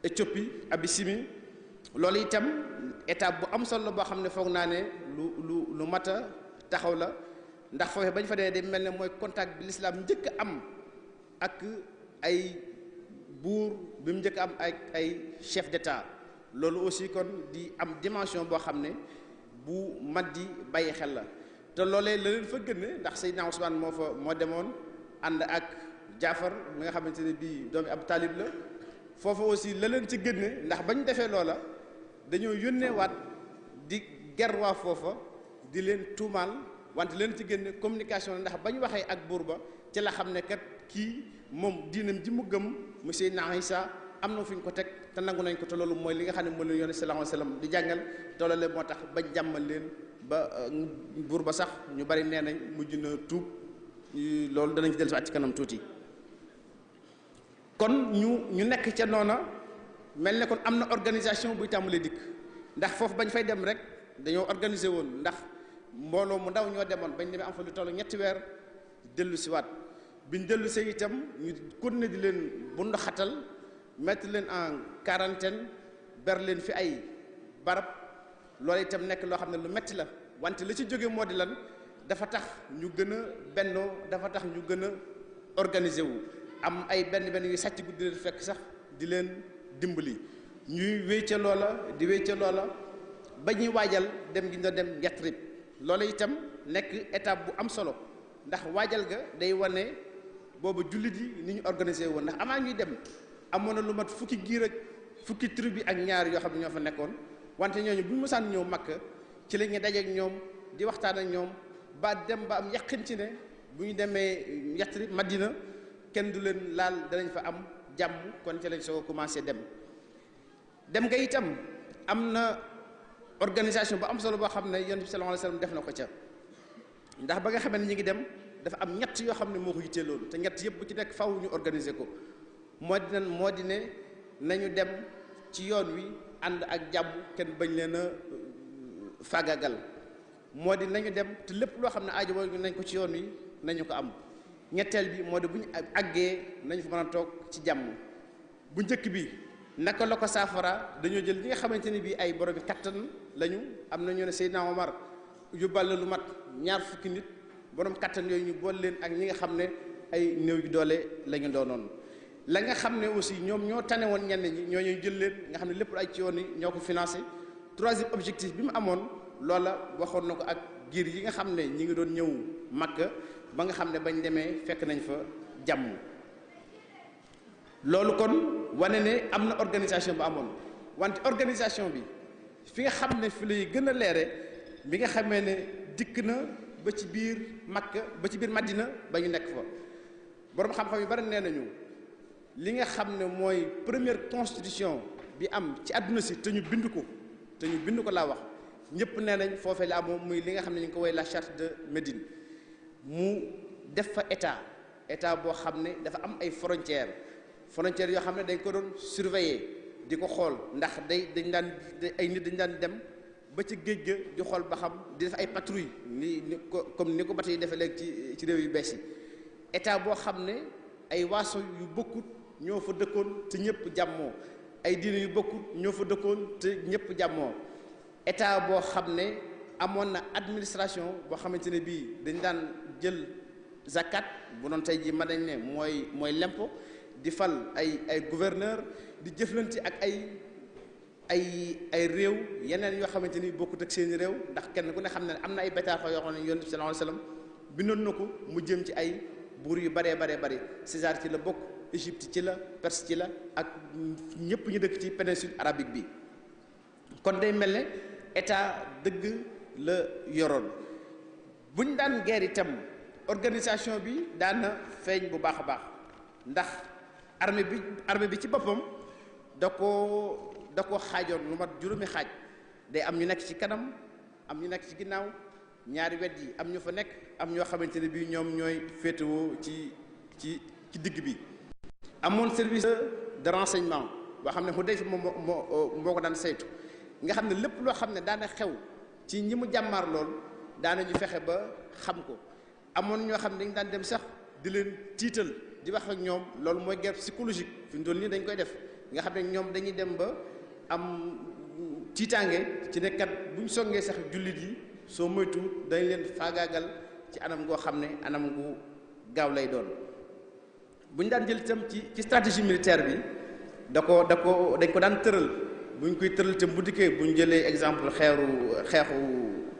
Éthiopie Abyssinie loolu itam étape bu am solo boo xam ne foog naa ne lu lu lu mat a taxaw la ndax foofee bañ fa demee day mel ne mooy contact bi l'islam njëkk a am ak ay buur bi mu njëkk am ak ay chef d'état loolu aussi kon di am dimension boo xam ne bu mat di bàyyi xel la te loolee la leen fa gën ndax Seydina Ousmane moo fa moo demoon ànd ak Jaafar mi nga xamante ne bii doomi ab taalib la foofa aussi la leen ci génne ndax bañ defee loola dañoo yónnee waat di ger waa foofa di leen tuumaal wante leen ci génne communication ndax ba ñu waxee ak buur ba ci la xam ne kat kii moom diinam ji mu gëm monsieur na sa am na fi ñu ko teg te nangu nañ ko te loolu mooy li nga xam ne moo leen yónnee sallallahu alayhi wasallam di jàngal toolale moo tax bañ jàmmal leen ba euh, buur ba sax ñu bari nee nañ mujj na tuub loolu danañ ci dellusiwaat ci kanam tuuti. kon ñu ñu nekk ca noona mel ne kon am na organisation buy tàmbalee dikk ndax foofu bañ fay dem rek dañoo organiser woon ndax mbooloo mu ndaw ñoo demoon bañ demee am fa lu toll ñetti weer dellu si waat biñ dellu see itam ñu continuer di leen bund xatal mettre leen en quarantaine ber leen fi ay barab loolu itam nekk loo xam ne lu metti la wante la ci jóge moo di lan dafa tax ñu gën a bennoo dafa tax ñu gën a organiser wu am ay benn benn yu sàcc guddi leen fekk sax di leen dimbali ñuy wéy ca loola di wéy ca loola ba ñuy waajal dem gi ñu dem Yatrib loola itam nekk étape bu am solo ndax waajal ga day wane boobu jullit yi ni ñu organisé woon ndax amaa ñuy dem amoon na lu mat fukki giir ak fukki bi ak ñaar yoo xam ñoo fa nekkoon wante ñooñu bu ñu mosaan ñëw Makka ci la ñuy dajeek ñoom di waxtaan ak ñoom ba dem ba am yàqin ci ne bu ñu demee Yatrib maddina kenn du leen laal danañ fa am jàmm kon ca lañ soo commencé dem dem nga itam am na organisation bu am solo boo xam ne yonent bi sallallahu alayhi wasallam def na ko ca ndax ba nga xamee ne ñu ngi dem dafa am ñett yoo xam ne moo ko yittee loolu te ñett yëpp bu ci nekk faw ñu organiser ko moo di ne di ne nañu dem ci yoon wi ànd ak jàmm kenn bañ leen a fagagal moo di nañu dem te lépp loo xam ne aajo nañ ko ci yoon wi nañu ko am ñetteel bi moo di bu ñu àggee nañ fa mën a toog ci jàmm bu njëkk bi naka la ko saafara dañoo jël li nga xamante ni bii ay borom kattan lañu am na ñoo ne mar Omar yóbbaale lu mat ñaar fukki nit borom kattan yooyu ñu boole leen ak ñi nga xam ne ay néew yu doole la ñu doonoon. la nga xam ne aussi ñoom ñoo tane woon ñenn ñi ñoo ñuy jël leen nga xam ne lépp lu ay ci yoon yi ñoo ko financé troisième objectif bi mu amoon loola waxoon na ko ak giir yi nga xam ne ñi ngi doon ñëw Makka. ba nga xam ne bañ demee fekk nañ fa jàmm loolu kon wane ne am na organisation bu amoon wante organisation bi fi nga xam ne fi lay gën a leere bi nga xamee ne dikk na ba ci biir Makka ba ci biir Madina ba ñu nekk fa boroom xam-xam yu bari nee nañu li nga xam ne mooy première constitution bi am ci àdduna si te ñu bind ko te ñu bind ko laa wax ñëpp nee nañ foofee la amoon muy li nga xam ne ñu ngi ko woy la charte de Médine mu def fa état état boo xam ne dafa am ay frontières frontières yoo xam ne dañ ko doon surveiller di ko xool ndax day dañ daan ay nit dañ daan dem ba ci géej ga di xool ba xam di def ay patrouille ni ni ko comme ni ko bateau yi defee léegi ci ci réew yu bees yi état boo xam ne ay waaso yu bokkut ñoo fa dëkkoon te ñëpp jàmmoo ay diine yu bokkut ñoo fa dëkkoon te ñëpp jàmmoo état boo xam ne amoon na administration boo xamante ne bii dañ daan jël zakat bu noon tey ji ma nañ ne mooy mooy lempo di fal ay ay gouverneur di jëflante ak ay ay ay réew yeneen yoo xamante ni bokkut ak seeni réew ndax kenn ku ne xam ne am na ay bataaxal yoo xam ne yonent bi sallallahu alayhi wasallam bindoon na ko mu jëm ci ay buur yu baree baree bari César ci la bokk Égypte ci la Perse ci la ak ñëpp ñu dëkk ci péninsule arabique bi kon day mel ne état dëgg la yoroon buñ daan guerre itam organisation bi daan na feeñ bu baax a baax ndax armée bi armée bi ci boppam da ko da xaajoon lu mat juróomi xaaj day am ñu nekk ci kanam am ñu nekk ci ginnaaw ñaari wet yi am ñu fa nekk am ñoo xamante ne bii ñoom ñooy féetewoo ci ci ci digg bi amoon service de renseignement boo xam ne mu dey moom moo moo ko daan saytu nga xam ne lépp loo xam ne daana xew ci ñi mu jàmmaar lool daanañu fexe ba xam ko amoon ñoo xam ne dañ daan dem sax di leen tiital di wax ak ñoom loolu mooy guerre psychologique fi mu toll nii dañ koy def nga xam ne ñoom dañuy dem ba am tiitaange ci nekkat buñ songee sax jullit yi soo moytu dañ leen faagaagal ci anam goo xam ne anam gu gaaw lay doon buñ daan jël tam ci ci stratégie militaire bi da ko da ko dañ ko daan tëral buñ koy tëral te bu dikkee bu ñu jëlee exemple xeeru xeexu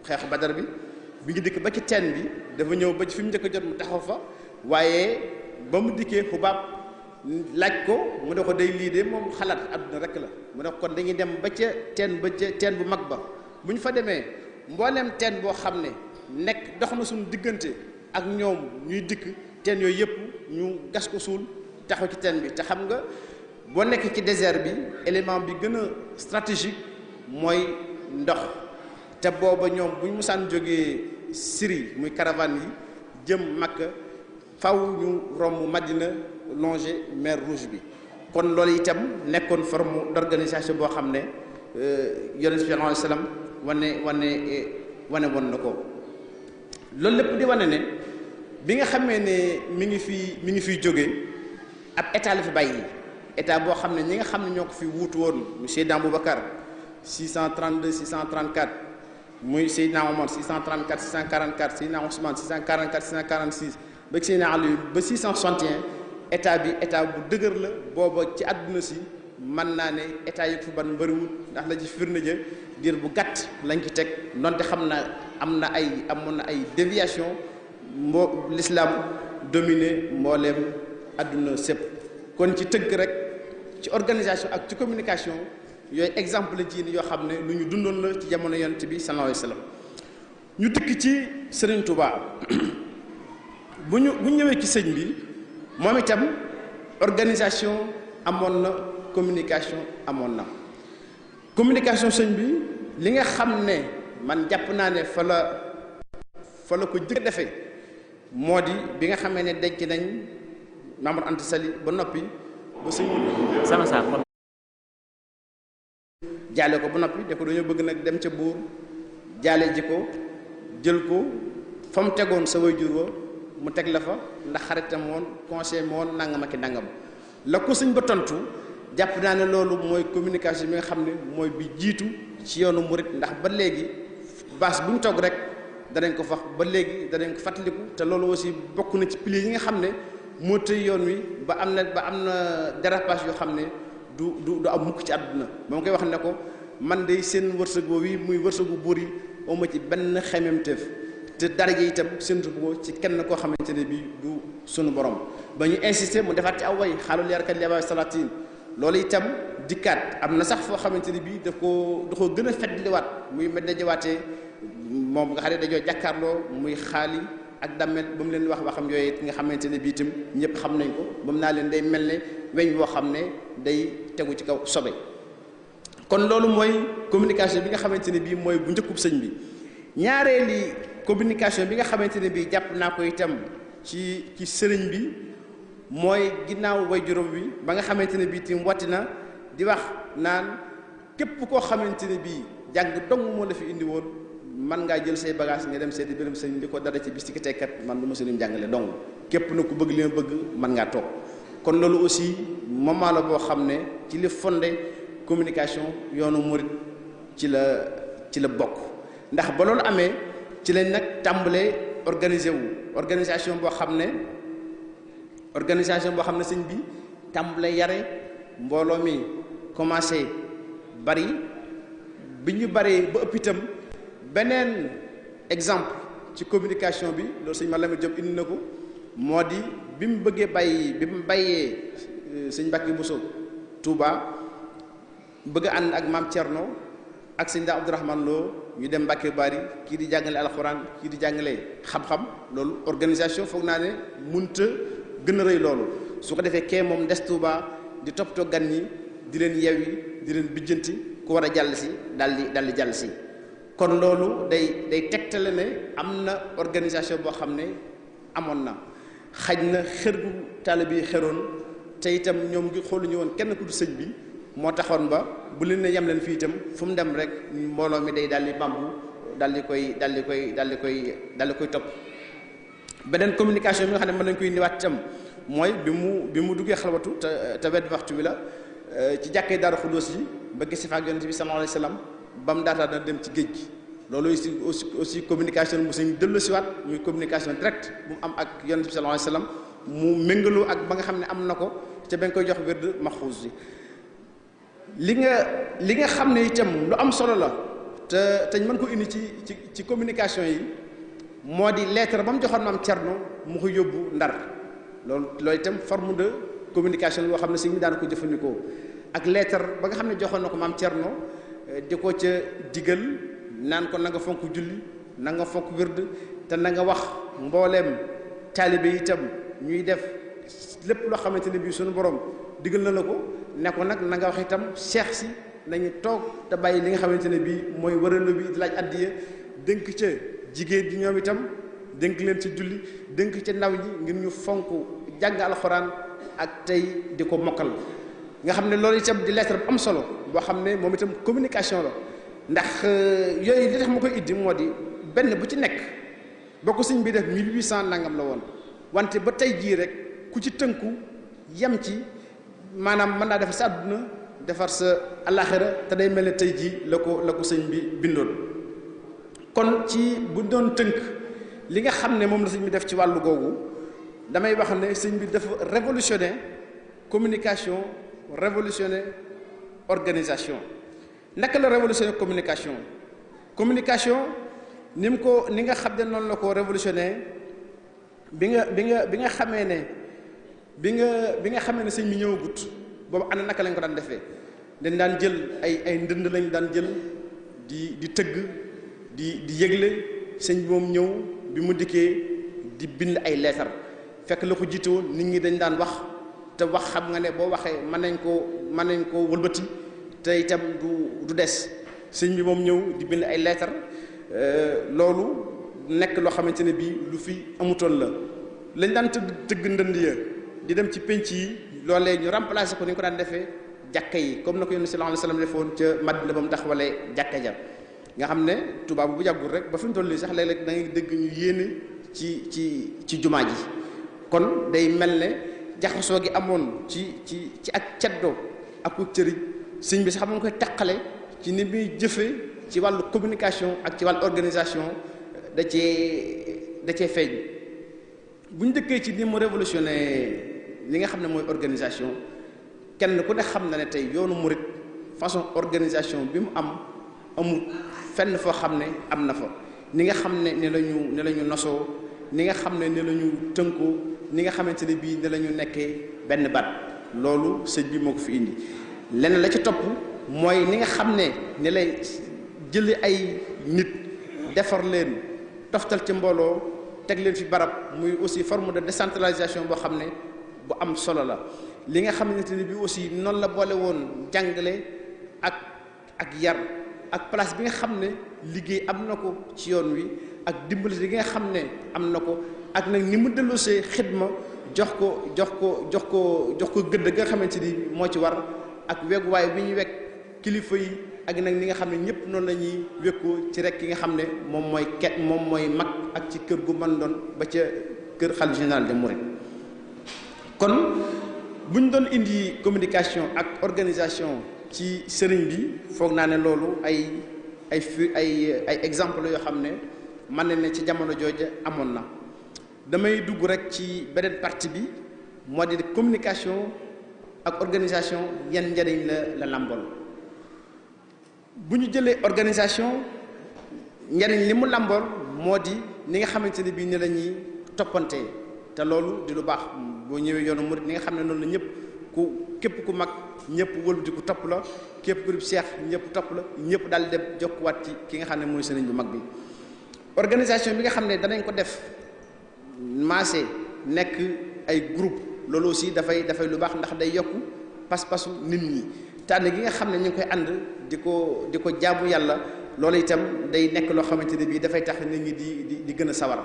xeexu badar bi bi ngi dikk ba ci teen bi dafa ñëw ba ci fi mu njëkk a jot mu taxaw fa waaye ba mu dikkee xubaab laaj ko mu ne ko day lii de moom xalaat àdduna rek la mu ne ko kon dañuy dem ba ca teen ba ca teen bu mag ba bu ñu fa demee mbooleem teen boo xam ne nekk dox na suñu diggante ak ñoom ñuy dikk teen yooyu yëpp ñu gas ko suul taxaw ci teen bi te xam nga boo nekk ci désert bi élément bi gën a stratégique mooy ndox te booba ñoom buñ ñu musaan jógee Syrie muy caravane yi jëm Makka faw ñu romb Madina longer mer Rouge bi kon loolu itam nekkoon forme d'organisation boo xam ne euh, yonent bi salaam wane wane wane woon na ko loolu lépp di wane ne bi nga xamee ne mi ngi fi mi ngi fi jóge ab état la fi bàyyi. état boo xam ne ñi nga xam ne ñoo ko fi wuutu woon muy Seydina Boubacar 632 634 muy Seydina Omar 634 644 Seydina Ousmane 644 646 ba Seydina Aliou ba 661 état bi état bu dëgër la booba ci àdduna si man naa ne état yëpp fi ban bëriwul ndax la ji firnde ja diir bu gàtt lañ ci teg donte xam naa am na ay amoon na ay déviation mboo l'islam dominé mbooleem àdduna sépp kon ci tëgg rek ci organisation ak ci communication yooyu exemple la yoo xam ne lu ñu dundoon la ci jamono yonent bi sallallahu alayhi wasallam ñu tikk ci Serigne Touba bu ñu bu ñëwee ci sëñ bi moom itam organisation amoon na communication amoon na communication sëñ bi li nga xam ne man jàpp naa ne fa la fa la ko jëkk defee moo di bi nga xamee ne denc nañ. Mamour Anta Sali ba noppi ba suñu jaale ko ba noppi da ko dañoo bëgg nag dem ca buur jaale ji ko jël ko fa mu tegoon sa waajur wa mu teg la fa ndax xaritam woon conseil ma woon nangam ak nangam la ko suñ ba tontu jàpp naa ne loolu mooy communication bi nga xam ne mooy bi jiitu ci yoonu murit ndax ba léegi baas bu mu toog rek danañ ko fax ba léegi danañ ko fàttaliku te loolu aussi bokk na ci piliers yi nga xam ne moo tëy yoon wi ba am na ba am na dérapage yoo xam ne du du du am mukk ci àdduna moom koy wax ne ko man de seen wërsëg boobu muy wërsëgu buur yi oma ci benn xememteef te daraja itam séntu ko ci kenn koo xamante ne bii du sunu borom ba ñu insister mu defaat ci aw way xaalul yarkat liabaay salatin loolu itam dikkaat am na sax foo xamante ne bii daf koo da koo gën a fetliwaat muy ma dajawaatee moom nga xam ne jàkkaarloo muy xaali ak dammet moom leen wax waxam yooyu nga xamante ne bii itam ñëpp xam nañ ko moom naa leen day mel ne weñ woo xam ne day tegu ci kaw sobe kon loolu mooy communication bi nga xamante ne bii mooy bu njëkkub sëñ bi ñaareeli communication bi nga xamante ne bii jàpp naa ko itam ci ci sëriñ bi mooy ginnaaw way juróom bi ba nga xamante ne bii tim watti na di wax naan képp koo xamante ne bii jàng dong moo la fi indi woon man ngaa jël say bagage nga dem seeti biram sëñ di ko dara ci bis ci tekkat man lu ma sëriñ jàngale dong képp na ku bëgg li ma bëgg man ngaa toog kon loolu aussi moment la boo xam ne ci li fondé communication yoonu murit ci la ci la bokk ndax ba loolu amee ci lañ nag tàmbalee organiser wu organisation boo xam ne organisation boo xam ne sëñ bi tàmbalee yare mbooloo mi commencé bari bi ñu baree ba ëpp itam beneen exemple ci communication bi loolu sëñ Malamine Diop indi na ko moo di bi mu bëggee bàyyi bi mu bàyyee euh, sëñ Mbacke Bousso Touba bëgg a ànd ak maam Thierno ak sëñ Daa Abdourahmane Lo ñu dem Mbacke Bari kii di jàngale alxuraan kii di jàngale xam-xam loolu organisation foog naa ne munta gën a rëy loolu su ko defee kee moom des Touba di toppatoo gan ñi di leen yewi di leen bijjanti ku war a jàll si daal di daal di jàll si. kon loolu day day tegtale ne am na organisation boo xam ne amoon na xaj na xër gu taalibe yi xeroon te itam ñoom ngi xooluñu woon kenn ku du bi moo taxoon ba bu leen ne leen fii itam fu mu dem rek mbooloo mi day daal di bambu daal di koy daal koy daal koy daal di koy topp. beneen communication bi nga xam ne mën nañ koy indiwaat itam mooy bi mu bi mu duggee xalwatu te te wet waxtu bi la euh, ci jàkkee Daaru Xuddoos yi ba gis fa ak Yonent bi sallallahu alayhi wa sallam ba mu daataa dana dem ci géej gi loolu aussi aussi communication bu suñ dellu siwaat muy communication directe bu mu am ak yonent bi sallallahu mu méngaloo ak ba nga xam ne am na ko ca ba koy jox wird maxuus bi li nga li nga xam ne itam lu am solo la te te mën ko indi ci ci ci communication yi moo di lettre ba mu joxoon maam Cerno mu ko yóbbu ndar loolu loolu tam forme de communication boo xam ne si ñu daan ko jëfandikoo ak lettre ba nga xam ne joxoon na ko maam Cerno di ko ca digal naan ko na fonk julli na nga fonk wird te nanga wax mbooleem taalibe itam ñuy def lépp loo xamante ne bii suñu borom digal na la ko ne nag na nga wax itam si nañu toog te bàyyi li nga xamante ne bii mooy waralu bi di laaj addiya dënk ca jigéen ji ñoom itam dënk leen ci julli dënk ca ndaw ñi ngir ñu fonk jàng alxuraan ak tey di ko mokkal nga xam ne loolu itam di lettre bu am solo boo xam ne moom itam communication la ndax euh, yooyu li tax ma koy iddi moo di benn bu ci nekk boo ko sëñ bi def 1800 nangam la woon wante ba tey jii rek ku ci tënku yem ci maanaam mën naa defar sa àdduna defar sa alaxira te day mel ne tey jii la ko la ko sëñ bi bindoon kon ci bu doon tënk li nga xam ne moom na sëñ bi def ci wàllu googu damay wax ne sëñ bi dafa révolutionné communication révolutionner organisation naka la révolutionner communication communication ni ko ni nga xam ne noonu la ko révolutionner bi nga bi nga bi nga xamee ne bi nga bi nga xamee ne sëñ a gut boobu am na naka lañ ko daan defee dañ daan jël ay ay ndënd lañ daan jël di di tëgg di di yëgle sëñ bi ñëw bi mu dikkee di bind ay leetar fekk la ko jiite nit ñi dañ daan wax te wax xam nga ne boo waxee man nañ koo man nañ koo wëlbati tey itam du du des sëñ bi moom ñëw di bind ay lettre euh, loolu nekk loo xamante ne bii lu fi amutoon la lañ daan tëgg tëgg ndënd ya di dem ci penc yi loole ñu remplacer ko ni ñu ko daan defee jàkka yi comme na ko yonent sallallahu alayhi wasallam defoon ca Madina ba mu taxawalee jàkka ja nga xam ne tubaab bu jàggul rek ba fi mu toll sax léeg-léeg da ngay dégg ñu yéene ci ci ci jumaa ji kon day mel ne. jaxasoo gi amoon ci ci ci ak caddo ak ku cëriñ sëñ bi sax mu ngi koy taqale ci ni muy jëfee ci wàllu communication ak ci wàllu organisation euh, da cee da cee feeñ bu ñu ci ni mu li nga xam ne mooy organisation kenn ku ne xam na ne tey yoonu murit façon organisation bi mu am amul fenn foo xam ne am na fa ni nga xam ne ni la ñu ni la ñu nosoo ni nga xam ne ni la tënkoo ni nga xamante ne bii ne la nekkee benn baat loolu sëñ bi moo ko fi indi leneen la ci topp mooy ni nga xam ne ne lay jëli ay nit defar leen toftal ci mbooloo teg leen fi barab muy aussi forme de décentralisation boo xam ne bu am solo la li nga xamante ne bii aussi noonu la boole woon jàngale ak ak yar ak place bi nga xam ne liggéey am na ko ci yoon wi ak dimbali li nga xam ne am na ko ak nag ni mu delloosee xidma jox ko jox ko jox ko jox ko gëdd nga xamante ni moo ci war ak weguwaay bi ñu wekk kilifa yi ak nag ni nga xam ne ñëpp noonu lañuy ñuy ci rek ki nga xam ne moom mooy ket moom mooy mag ak ci kër gu man doon ba ca kër xalifa général des mourides kon bu ñu doon indi communication ak organisation ci sëriñ bi foog naa ne loolu ay ay ay ay exemple yoo xam ne mën na ne ci jamono jooje amoon na damay dugg rek ci beneen partie bi moo di communication ak organisation yan njariñ la la làmbool bu ñu jëlee organisation njëriñ li mu làmbool moo di ni nga xamante ne bii ni la ñuy te loolu di lu baax boo ñëwee yoonu murid ni nga xam ne noonu la ñëpp ku képp ku mag ñëpp wëlbati ku topp la képp ku dib seex ñëpp topp la ñëpp daal dem jokkuwaat ci ki nga xam ne mooy sëriñ bu mag bi organisation bi nga xam ne danañ ko def maase nekk ay groupe loolu aussi dafay dafay lu baax ndax day yokk pas-pasu nit ñi tànn gi nga xam ne ñu ngi koy ànd di ko di ko jaamu yàlla loolu itam day nekk loo xamante ne bii dafay tax nit ñi di di di gën a sawar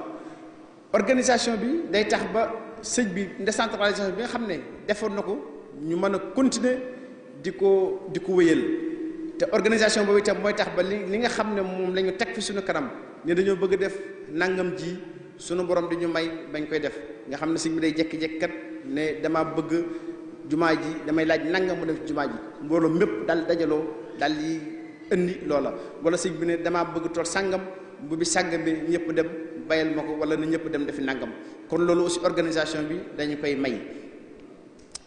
organisation bi day tax ba sëñ bi décentralisation bi nga xam ne defoon na ko ñu mën a continuer di ko di ko wéyal te organisation boobu itam mooy tax ba li li nga xam ne moom la ñu teg fi suñu kanam ne dañoo bëgg def nangam ji sunu borom di ñu may bañ koy def nga xam ne sëñ bi day jékki-jékki kat ne dama bëgg jumaa ji damay laaj nangam mu def jumaa ji mbooloo mépp daal dajaloo daal di indi loola wala sëñ bi ne damaa bëgg tool sàngam bu bi sàngam bi ñëpp dem bayal ma ko wala na ñëpp dem defi nangam kon loolu aussi organisation bi dañu koy may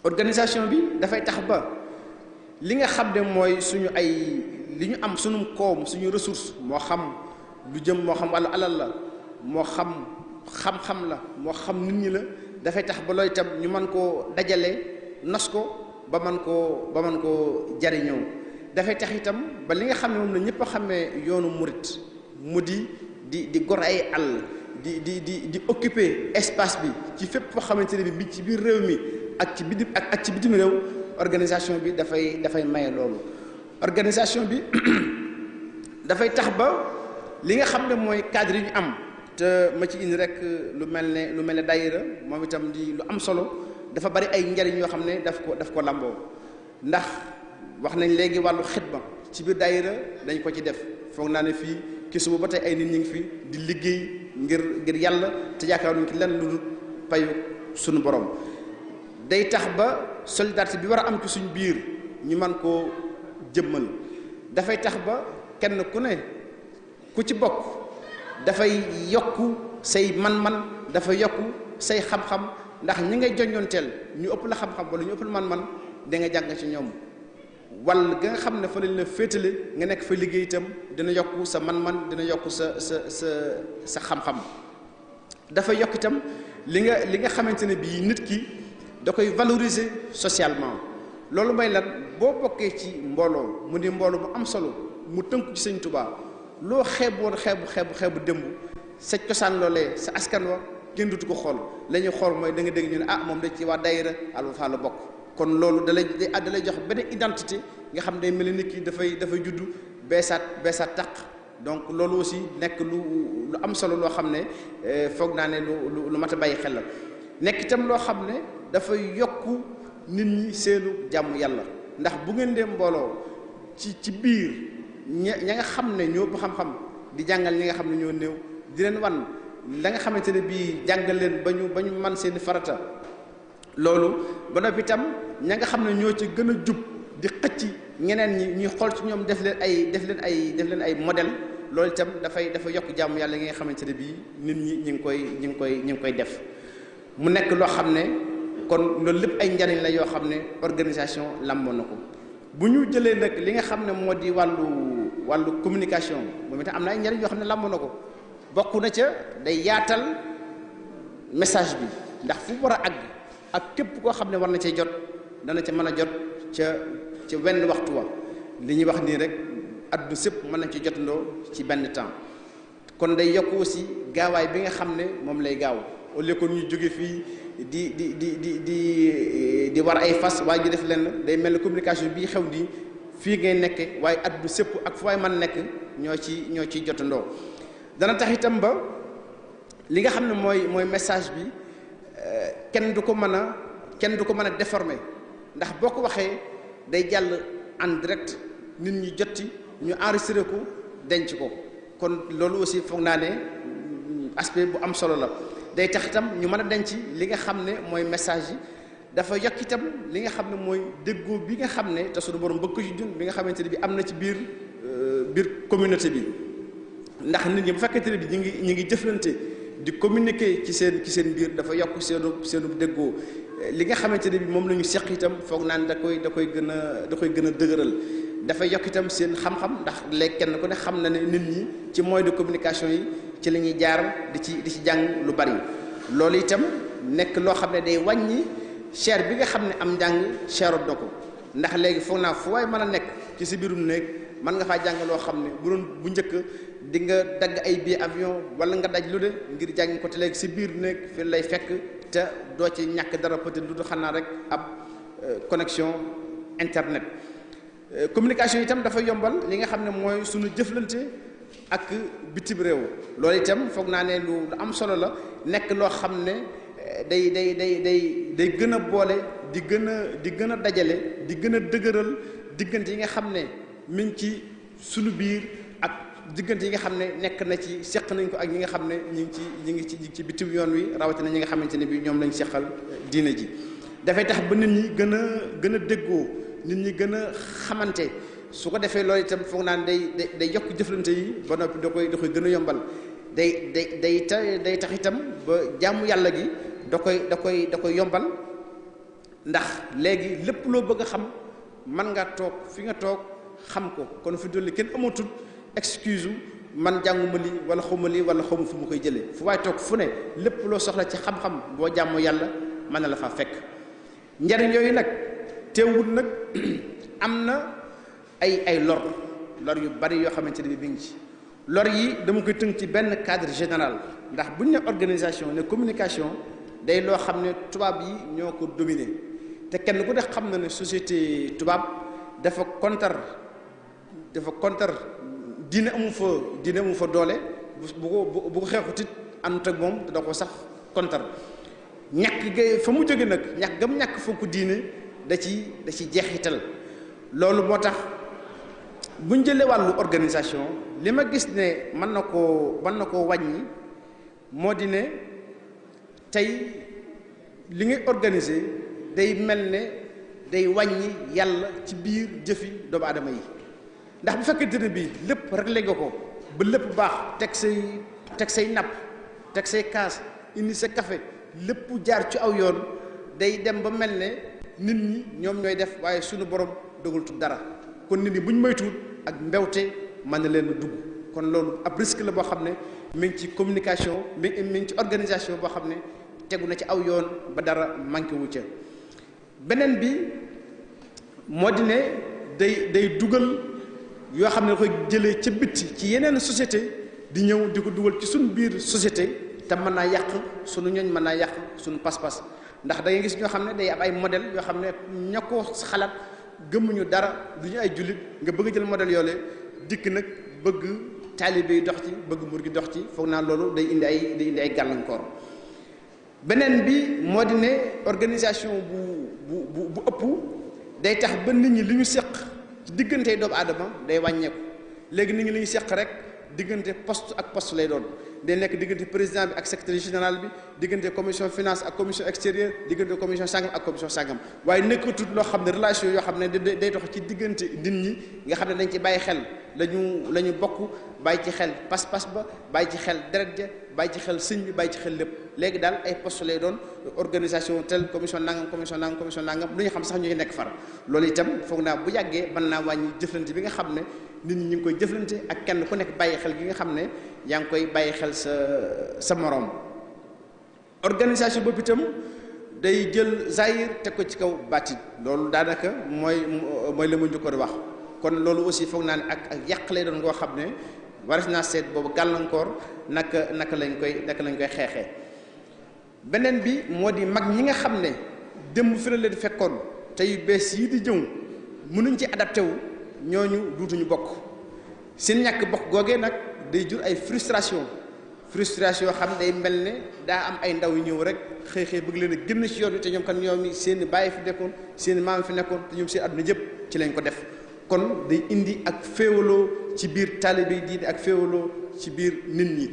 organisation bi dafay tax ba li nga xam ne mooy suñu ay li ñu am suñu koom suñu ressource moo xam lu jëm moo xam wàllu alal la moo xam xam-xam la moo xam nit ñi la dafay tax ba looy tam ñu mën koo dajale nos ko ba mën koo ba mën koo jariñoo dafay tax itam ba li nga xam ne moom la ñëpp a xamee yoonu murit mu di di di gor ay àll di di di di occuper espace bi ci fépp foo xamante ne bi ci biir réew mi ak ci bitim ak ak ci bitim réew organisation bi dafay dafay maye loolu organisation bi dafay tax ba li nga xam ne mooy cadre yi ñu am te ma ci indi rek lu mel ne lu mel ne daayira moom itam di lu am solo dafa bari ay njariñ yoo xam ne daf ko daf ko lamboo ndax wax nañ léegi wàllu xidma ci biir daayira dañ ko ci def foog naa ne fii ki suba ba tey ay nit ñi ngi fi di liggéey ngir ngir yàlla te yaakaaruñ ci lenn lu dul payu suñu borom day tax ba solidarité bi war a am ci suñu biir ñu man koo jëmmal dafay tax ba kenn ku ne ku ci bokk dafay yokku say man-man dafa yokku say xam-xam ndax ñi nga joññoonteel ñu ëpp la xam-xam wala ñu ëpp la man-man da nga jàng ci ñoom wal ga nga xam ne fa lañ la féetale nga nekk fa liggéey itam dina yokku sa man-man dina yokk sa sa sa sa xam-xam dafa yokk itam li nga li nga xamante ne bii nit ki da koy valoriser socialement loolu mooy lan boo bokkee ci mbooloo mu di mbooloo mu am solo mu tënku ci Sëñ tubaab loo xeeb woon xeebu xeebu xeebu démb sa cosaan loolee sa askan wa kenn dutu ko xool la xool mooy da nga dégg ñu ne ah moom da ci waa dayra rek Wafa la bokk kon loolu da lay da lay jox benn identité nga xam day mel ni dafay dafay juddu beesaat beesaat taq donc loolu aussi nekk lu lu am solo loo xam ne eh, foog naa ne lu lu lu mat xel la nekk itam loo xam ne dafay yokk nit ñi seenu jàmm yàlla ndax bu ngeen dee mbooloo ci ci biir. ña ña nga xam ne ñoo ëpp xam-xam di jàngal ñi nga xam ne ñoo néew di leen wan la nga xamante ne bii jàngal leen ba ñu ba man seen farata loolu ba noppi itam ña nga xam ne ñoo ci gën a jub di xëcc ñeneen ñi ñuy xool ci ñoom def leen ay def leen ay def leen ay modèle loolu itam dafay dafa yokk jàmm yàlla yi nga xamante ne bii nit ñi ñi ngi koy ñi ngi koy ñi ngi koy def mu nekk loo xam ne kon loolu lépp ay njariñ la yoo xam ne organisation làmboon na ko bu ñu jëlee nag li nga xam ne wàllu communication moom itam am na ay njëriñ yoo xam ne làmb na ko bokk na ca day yaatal message bi ndax fu war a àgg ak képp koo xam ne war na cee jot dana ca mën a jot ca ca wenn waxtu wa li ñuy wax nii rek addu sëpp mën nañ jot ndoo ci benn temps kon day yokk aussi gaawaay bi nga xam ne moom lay gaaw au lieu que ñu jóge fii di di di di di di war ay fas waa ñu def lenn day mel ne communication bii xew nii fii ngay nekke waaye at bu sëpp ak fu waay man nekk ñoo ci ñoo ciy jotandoo dana tax itam ba li nga xam ne mooy mooy message bi euh, kenn du ko mën a kenn du ko mën a déformer ndax boo ko waxee day jàll en direct nit ñu joti ñu enregistré ko denc ko kon loolu aussi foog naa ne aspect bu am solo la day tax ñu mën a denc li nga xam ne mooy message yi dafa yokk itam li nga xam ne mooy déggoo bi nga xam ne te suñu borom bëgg ko ci dund bi nga xamante ne bi am na ci biir euh, biir communauté bi ndax nit ñi bu fekkente ne bi ñu ngi ñu ngi jëflante di communiquer ci seen ci seen biir dafa yokk seenu seenu déggoo li nga xamante ne bi moom la ñu seq itam foog naan da koy da koy gën a da koy gën a dëgëral dafa yokk itam seen xam-xam ndax léegi kenn ku ne xam na ne nit ñi ci moyen de communication yi ci la ñuy jaar di ci di ci jàng lu bari loolu itam nekk loo xam ne day wàññi cher bi nga xam ne am njàng cherut na ko ndax léegi foog naa fu waay mën a nekk ci si biirum néeg mën nga faa jàng loo xam ne bu doon bu njëkk di nga dagg ay bii avion wala nga daj lu de ngir jàng ko te léegi si biir néeg fi lay fekk te doo ci ñàkk dara peut-être du xanaa rek ab euh, connection internet euh, communication yi tam dafa yombal li nga xam ne mooy suñu jëflante ak bitim réew loolu itam foog naa ne lu am solo la nekk loo xam ne day day day day day gën a boole di gën a di gën a dajale di gën a dëgëral diggante yi nga xam ne mi ci sunu biir ak diggante yi nga xam ne nekk na ci seq nañ ko ak ñi nga xam ne ñi ngi ci ñi ngi ci ñi ci bitim yoon wi rawatina ñi nga xamante ne bi ñoom lañu seqal eh, diina ji dafay tax ba nit ñi gën a gën a déggoo nit ñi gën a xamante su ko defee loolu itam foog naan day day day yokk jëflante yi ba noppi da koy da koy gën a yombal day day day ta day tax itam ba jàmm yàlla gi da koy da koy da koy yombal ndax léegi lépp loo bëgg xam mën nga toog fi nga toog xam ko kon fi dolli kenn amatul excuse man jànguma lii wala xawma lii wala xawma fu mu koy jëlee fu waaye toog fu ne lépp loo soxla ci xam-xam boo jàmm yàlla man na la faa fekk njariñ yooyu nag teewul nag am na ay ay lor lor yu bari yoo xamante ne bi mi ngi ci lor yi dama koy tënk ci benn cadre général ndax buñ ne organisation ne communication day loo xam ne tubaab yi ñoo ko dominé te kenn ku ne xam na ne société tubaab dafa kontar dafa kontar diine amu fa diine amu fa doole bu ko bu ko xeexut it àndut ak moom da ko sax kontar ñàkk ga fa mu jóge nag ñàkk ñàkk fonk diine da ci da ci jeexital loolu moo tax bu jëlee wàllu organisation li ma gis ne mën na koo mën na koo wàññi moo di ne tey li ngay organiser day mel ne day wàññi yàlla ci biir jëfi doomu aadama yi ndax bu fekkee ne bii lépp réglé nga ko ba lépp baax teg say teg say napp teg say kaas indi sa café lépp jaar ci aw yoon day dem ba mel ne nit ñi ñoom ñooy def waaye suñu borom dogal tu dara kon nit ñi bu ñu moytuwul ak mbewte mën na leen dugg kon loolu ab risque la boo xam ne mi ngi ci communication mi mi ci organisation boo xam ne tegu na ci aw yoon ba dara manqué wu ca beneen bi moo di ne day day dugal yoo xam ne da koy jëlee ca bitti ci yeneen société di ñëw di ko dugal ci suñu biir société te mën naa yàq sunu ñooñ mën naa yàq sunu pas-pas ndax da ngay gis ñoo xam ne day am ay modèle yoo xam ne ña ko xalaat gëmuñu dara du ñu ay jullit nga bëgg jël modèle yoole dikk nag bëgg taalibe yi dox ci bëgg mur gi dox ci foog naa loolu day indi ay day indi ay gàllankoor beneen bi moo di ne organisation bu bu bu ëpp day tax ba nit ñi li ñu seq ci diggante doomu aadama day wàññeeku léegi nit ñi li ñu seq rek diggante poste ak post lay doon day nekk diggante président bi ak secrétaire général bi diggante commission finance ak commission extérieure diggante commission sàngam ak commission sàngam waaye nekkatut loo xam ne relation yoo xam ne day dox ci diggante nga xam ne dañ ci bàyyi xel lañu la ñu bokk bàyyi ci xel pas-pas ba bàyyi ci xel deret ja bàyyi ci xel suñ bi bàyyi ci xel lépp léegi daal ay post lay doon organisation tel commission nangam commission nangam commission nangam lu ñu xam sax ñu nekk far loolu itam foog naa bu yàggee mën naa wàññi jëflante bi nga xam ne nit ñu ngi koy jëflante ak kenn ku nekk bàyyi xel gi nga xam ne yaa ngi koy bàyyi xel sa sa moroom organisation boobu itam day jël zahir teg ko ci kaw baatin loolu daanaka mooy mooy la ma njëkkoon wax kon loolu aussi foog naa ne ak ak yàq lay doon ngoo xam ne waras naa seet boobu gàllankoor naka naka lañ koy naka lañ koy xeexee beneen bi moo di mag ñi nga xam ne démb fi la leen fekkoon tey bees yi di jëw mënuñ ci adapté wu ñooñu duutuñu bokk seen ñàkk bokk googee nag day jur ay frustration frustration xam day mel ne daa am ay ndaw yu ñëw rek xëy xëy bëgg leen a génn ci yoon wi te ñoom kan ñoom seen bàyyi fi nekkoon seen maam fi nekkoon te ñoom seen àdduna yëpp ci lañ ko def kon day indi ak féewaloo ci biir taalibe yi diine ak féewaloo ci biir nit ñi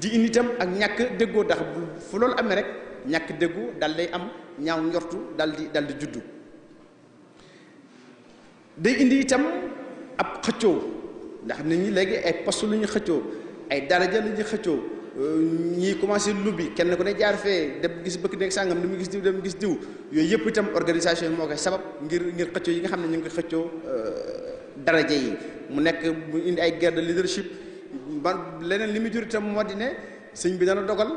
di indi itam ak ñàkk déggoo ndax bu fu loolu amee rek ñàkk déggoo dal day am ñaaw njortu dal di dal di juddu day indi itam ab xëccoo ndax xam ne ñi léegi ay poste lu ñu xëccoo ay daraja la ñu xëccoo euh, ñii commencé bi kenn ku ne jaar fee dem gis bëkk nekk sàngam dem gis diw dem gis diw yooyu yëpp itam organisation yi moo koy sabab ngir ngir xëccoo yi nga xam ne ñu ngi koy xëccoo euh, daraja yi mu nekk mu indi ay guerre de leadership man leneen li mu jur itam moo di ne sëñ bi dana dogal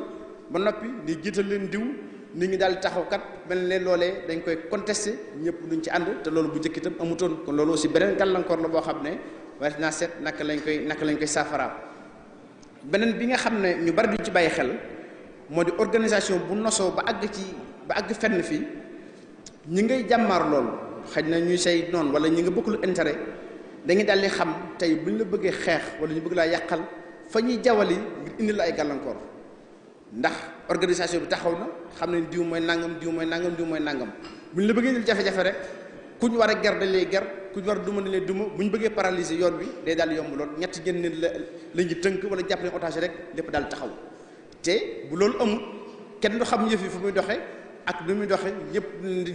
ba noppi di jiital leen diw nit ñi daal taxaw kat mel ne loolee dañ koy contesté ñëpp duñ ci ànd te loolu bu njëkk itam amutoon kon loolu aussi beneen gàllankoor la boo xam ne waaye naa seet naka lañ koy naka lañ koy saafaraa beneen bi nga xam ne ñu bari duñ ci bàyyi xel moo di organisation bu nosoo ba àgg ci ba àgg fenn fii ñu ngay jàmmaar loolu xaj na ñuy say noonu wala ñi nga bokkul intérêt dañuy daal di xam tey bu ñu la bëggee xeex wala ñu bëgg laa yàqal fa ñuy jawali ngir indi la ay gàllankoor ndax organisation bi taxaw na xam ne diw mooy nangam diw mooy nangam diw mooy nangam bu ñu la bëggee indil jafe-jafe rek ñu war a ger dañ lay ger. ku war duma ne leen duma bu ñu bëggee paralyser yoon bi day daal yomb lool ñett jën ne la la tënk wala jàpp leen otage rek lépp daal taxaw te bu loolu amul kenn du xam yëf yi fu muy doxee ak nu muy doxee ñëpp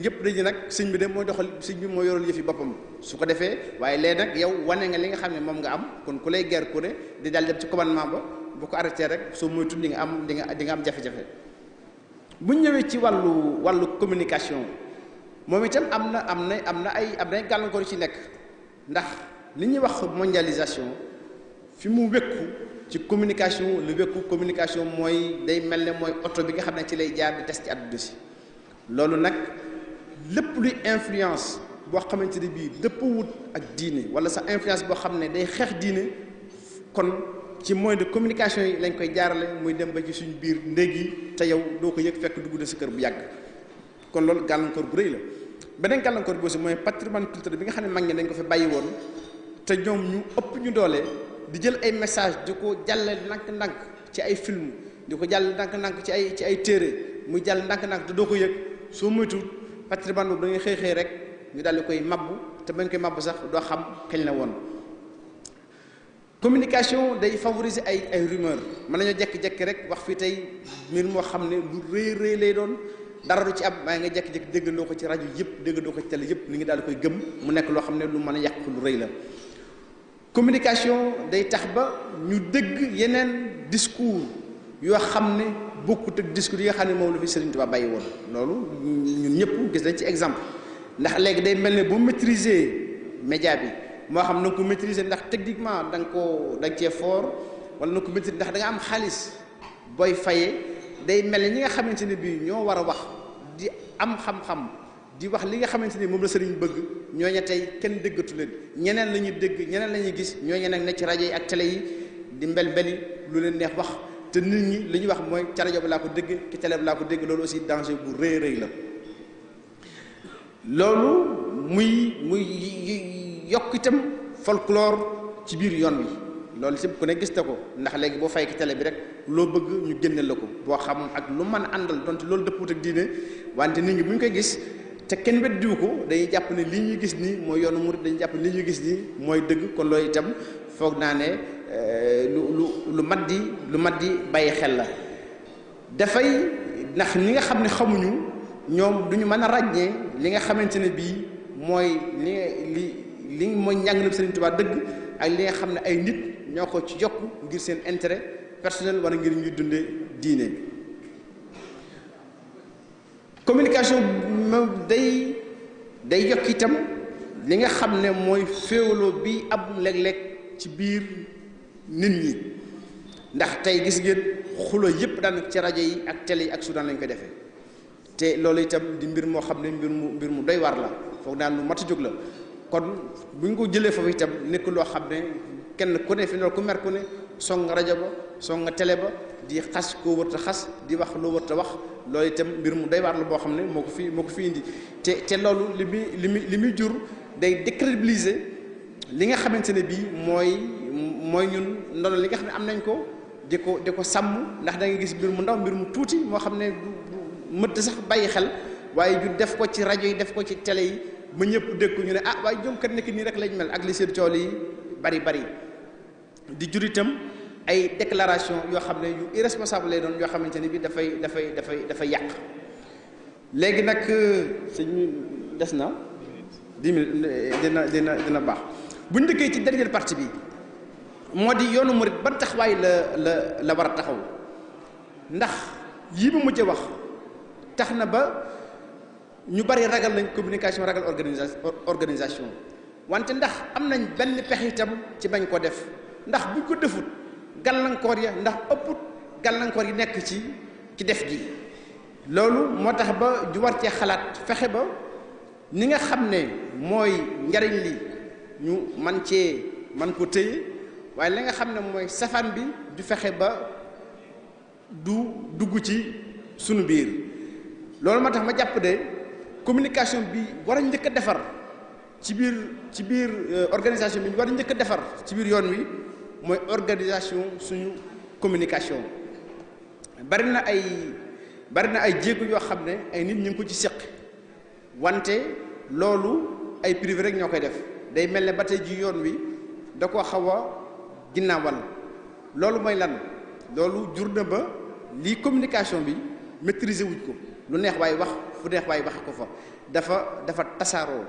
ñëpp dañu nag sëñ bi de mooy doxal sëñ bi moo yoral yëf boppam su ko defee waaye léegi nag yow wane nga li nga xam ne moom nga am kon ku lay ger ku ne di daal dem ci commandement ba bu ko arrêté rek soo moytu di nga am di nga di nga am jafe-jafe bu ñëwee ci wàllu wàllu communication. moom itam am na am na am na ay am na ay gàllankoor ci nekk ndax li ñuy wax mondialisation fi mu wékku ci communication lu wékku communication mooy day mel ne mooy oto bi nga xam ne ci lay jaar di des ci àdduna si loolu nag lépp luy influence boo xamante ne bii dëpp wut ak diine wala sa influence boo xam ne day xeex diine kon ci moyen de communication yi lañ koy jaarale muy dem ba ci suñu biir ndéegi yi te yow doo ko yëg fekk dugg na sa kër bu yàgg kon loolu gàllankoor bu rëy la beneen gàllankoor bi aussi mooy patrimoine culturel bi nga xam ne mag ñi dañ ko fi bàyyi woon te ñoom ñu ëpp ñu doole di jël ay message di ko jàllale ndànk-ndànk ci ay film di ko jàllale ndànk-ndànk ci ay ci ay téere mu jàll ndànk-ndànk te doo ko yëg soo moytuwul patrimoine boobu da ngay xëy xëy rek ñu daal di koy mabbu te bañ koy mabbu sax doo xam kañ la woon. communication day favoriser ay ay rumeur mën nañoo jekki-jekki rek wax fii tey mbir moo xam ne lu rëy rëy lay doon. dara du ci am waaye nga jékki-jékki déggandoo ko ci rajo yëpp déggandoo ko ci télé yëpp ni ngi daal koy gëm mu nekk loo xam ne lu mën a yàq lu rëy la communication day tax ba ñu dégg yeneen discours yoo xam ne bokkut ak discours yi nga xam ne moom la fi Serigne Touba bàyyi woon loolu ñun ñëpp gis nañ ci exemple ndax léegi day mel ne bu maîtriser média bi moo xam na nga ko maîtriser ndax techniquement da nga koo da cee foor wala na ko maîtriser ndax danga am xaalis booy fayee day mel ni ñi nga xamante ne bii ñoo war a wax di am xam-xam di wax li nga xamante ni moom la sëriñ bëgg ñooña tey kenn déggatu leen ñeneen la ñuy dégg ñeneen la ñuy gis ñooña nag ne ci rajo yi ak télé yi di mbel mbeli lu leen neex wax te nit ñi li ñuy wax mooy ca rajo bi laa ko dégg ci tele bi laa ko dégg loolu aussi danger bu rëy rëy la loolu muy muy yokk itam folklore ci biir yoon wi loolu si ku ne gis na ko ndax léegi boo fay ki télé bi rek loo bëgg ñu génne la ko boo xam ak lu mën a àndal dont loolu dëpput ak diine wante nit ñi bu ñu koy gis te kenn weddiwu ko dañuy jàpp ne lii ñuy gis nii mooy yoonu murid dañuy jàpp lii ñuy gis nii mooy dëgg kon loolu itam foog naa ne euh, lu lu mat di lu mat di bàyyi xel la dafay ndax ni nga xam ne xamuñu ñoom duñu mën a ràññee li nga xamante ne bii mooy li li li mooy njàngale Sëriñ Tuubaa dëgg ak li nga xam ne ay nit ñoo ko ci yokk ngir seen intérêt personnel wala ngir ñuy dunde diine communication moom day day yokk itam li nga xam ne mooy féewaloo bi ab léeg lekk ci biir nit ñi ndax tey gis ngeen xulo yépp daan ci rajo yi ak télé yi ak lañ koy defee te loolu itam di mbir moo xam ne mbir mu mbir mu doy war la foog naan lu mat jóg la kon bu ñu ko jëlee foofu itam nekk loo xam ne kenn ku ne fi ne ku mer ku ne song rajo ba nga tele ba di xas koo wërta xas di wax loo wërta wax loolu itam mbir mu day la boo xam ne moo ko fi moo fi indi te te loolu li li muy li muy jur day décrédibiliser li nga xamante ne bii mooy mooy ñun ndono li nga xam ne am nañ ko di ko di ko sàmm ndax da gis mbir mu ndaw mbir mu tuuti moo xam ne mëtt sax bàyyi xel waaye ju def ko ci rajo yi def ko ci tele yi ba ñëpp dégg ñu ne ah waaye ñoom kat nekk nii rek lañ mel ak li seen tool yi bari bari di jur itam ay declaration yoo xam ne yu irresponsable lay doon yoo xamante ne bi dafay dafay dafay dafay yàq léegi nag euh, sëñ des na dix minutes baax bu ñu ci dernière partie bi moo di yoonu murit ban taxawaay la la la war a taxaw ndax yii mu mujj wax tax na ba ñu bari ragal nañ communication ragal organisation wante ndax am nañ benn pexe tam ci bañ koo def ndax buñ ko defut gàllankoor ya ndax ëpput gàllankoor yi nekk ci ci def gi loolu moo tax ba ju war cee xalaat fexe ba ni nga xam ne mooy njariñ li ñu man cee man koo téye waaye li nga xam ne mooy safaan bi ju fexe ba du dugg ci sunu biir loolu moo tax ma jàpp de communication bi war a njëkk a defar ci biir ci biir euh, organisation bi war a njëkk a defar ci biir yoon wi mooy organisation suñu communication bari na ay bari na ay jéego yoo xam ne ay nit ñu ngi ko ci seq wante loolu ay privé rek ñoo koy def day mel ne ba tey ji yoon wi da koo xaw a ginnaawal loolu mooy lan loolu jur na ba li communication bi maîtriser wuñ ko lu neex waaye wax. fu neex waaye waxe ko fa dafa dafa tasaaroo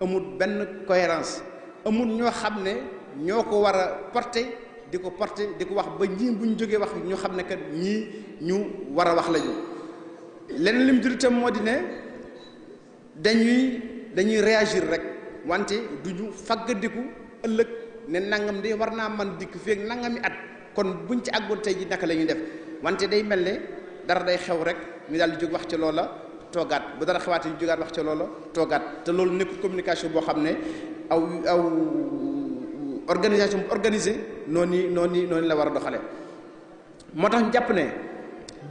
amul benn cohérence amul ñoo xam ne ñoo ko war a porter di ko porter di ko wax ba ñii bu ñu jógee wax ñoo xam ne kat ñii ñu war a wax lañu leneen lim jur itam moo di ne dañuy dañuy réagir rek wante du ñu faggandiku ëllëg ne nangam de war naa man dikk feek nangami at kon buñ ci àggoon tey ji naka la ñuy def wante day mel ne dara day xew rek ñu daal di jóg wax ci loola. toogaat bu dara xewaat ñu jógaat wax ca loola toggaat te loolu nekkul communication boo xam ne aw aw organisation organisée noonu noonu noonu la war a doxale moo tax ñu jàpp ne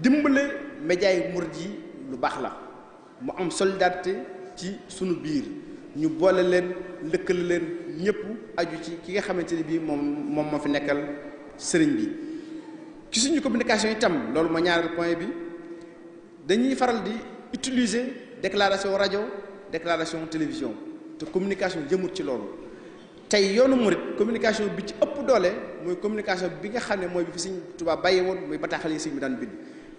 dimbale média yi murid yi lu baax la mu am solidarité ci sunu biir ñu boole leen lëkkale leen ñëpp aju ci ki nga xamante ne bii moom moom moo fi nekkal sëriñ bi ci suñu communication itam loolu moo ñaareel point bi dañuy faral di utiliser déclaration rajo declaration télévision te communication jëmut ci loolu tey yoonu murit communication bi ci ëpp doole mooy communication bi nga xam ne mooy bi fi Sëñ Tuubaa bàyyi woon muy bataaxal yi sëñ bi daan bind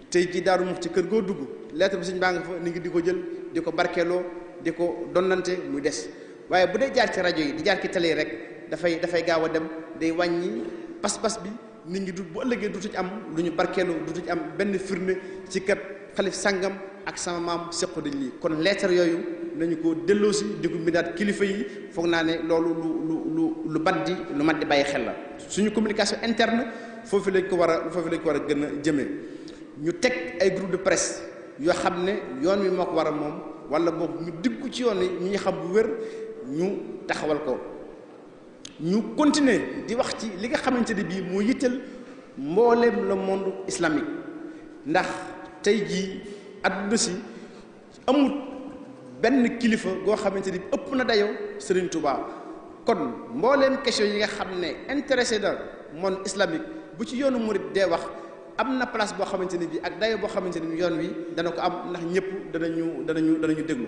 tey ji daaru muf ci kër goo dugg lettre bi sëñ baa nga fa ni ngi di ko jël di ko barkeeloo di ko donnante muy des waaye bu dee jaar ci rajo yi di jaar ci télé yi rek dafay dafay gaaw a dem day wàññi pas-pas bi nit ñi du bu ëllëgee dutu ci am lu ñu barkeelu dutu ci am benn firnde ci kat xalif sàngam ak sama maam seq dañ lii kon leetar yooyu nañu ko delloosi di ko bindaat kilifa yi foog naa ne loolu lu lu lu lu di lu mat bàyyi xel la suñu communication interne foofu lañ ko war a foofu lañ ko a gën a jëmee ñu teg ay groupe de presse yoo xam ne yoon wi moo ko war a moom wala boog ñu diggu ci yoon wi ñu xam bu wér ñu taxawal ko ñu continuer di wax ci li nga xamante ni bii moo yitteel mbooleem la monde islamique ndax tey jii àdduna si amul benn kilifa goo xamante ni ëpp na dayoo Serigne Touba kon mbooleem question yi nga xam ne intéressé na monde islamique bu ci yoonu murid dee wax am na place boo xamante ni bii ak dayoo boo xamante ni ne yoon wi dana ko am ndax ñëpp danañu danañu danañu déglu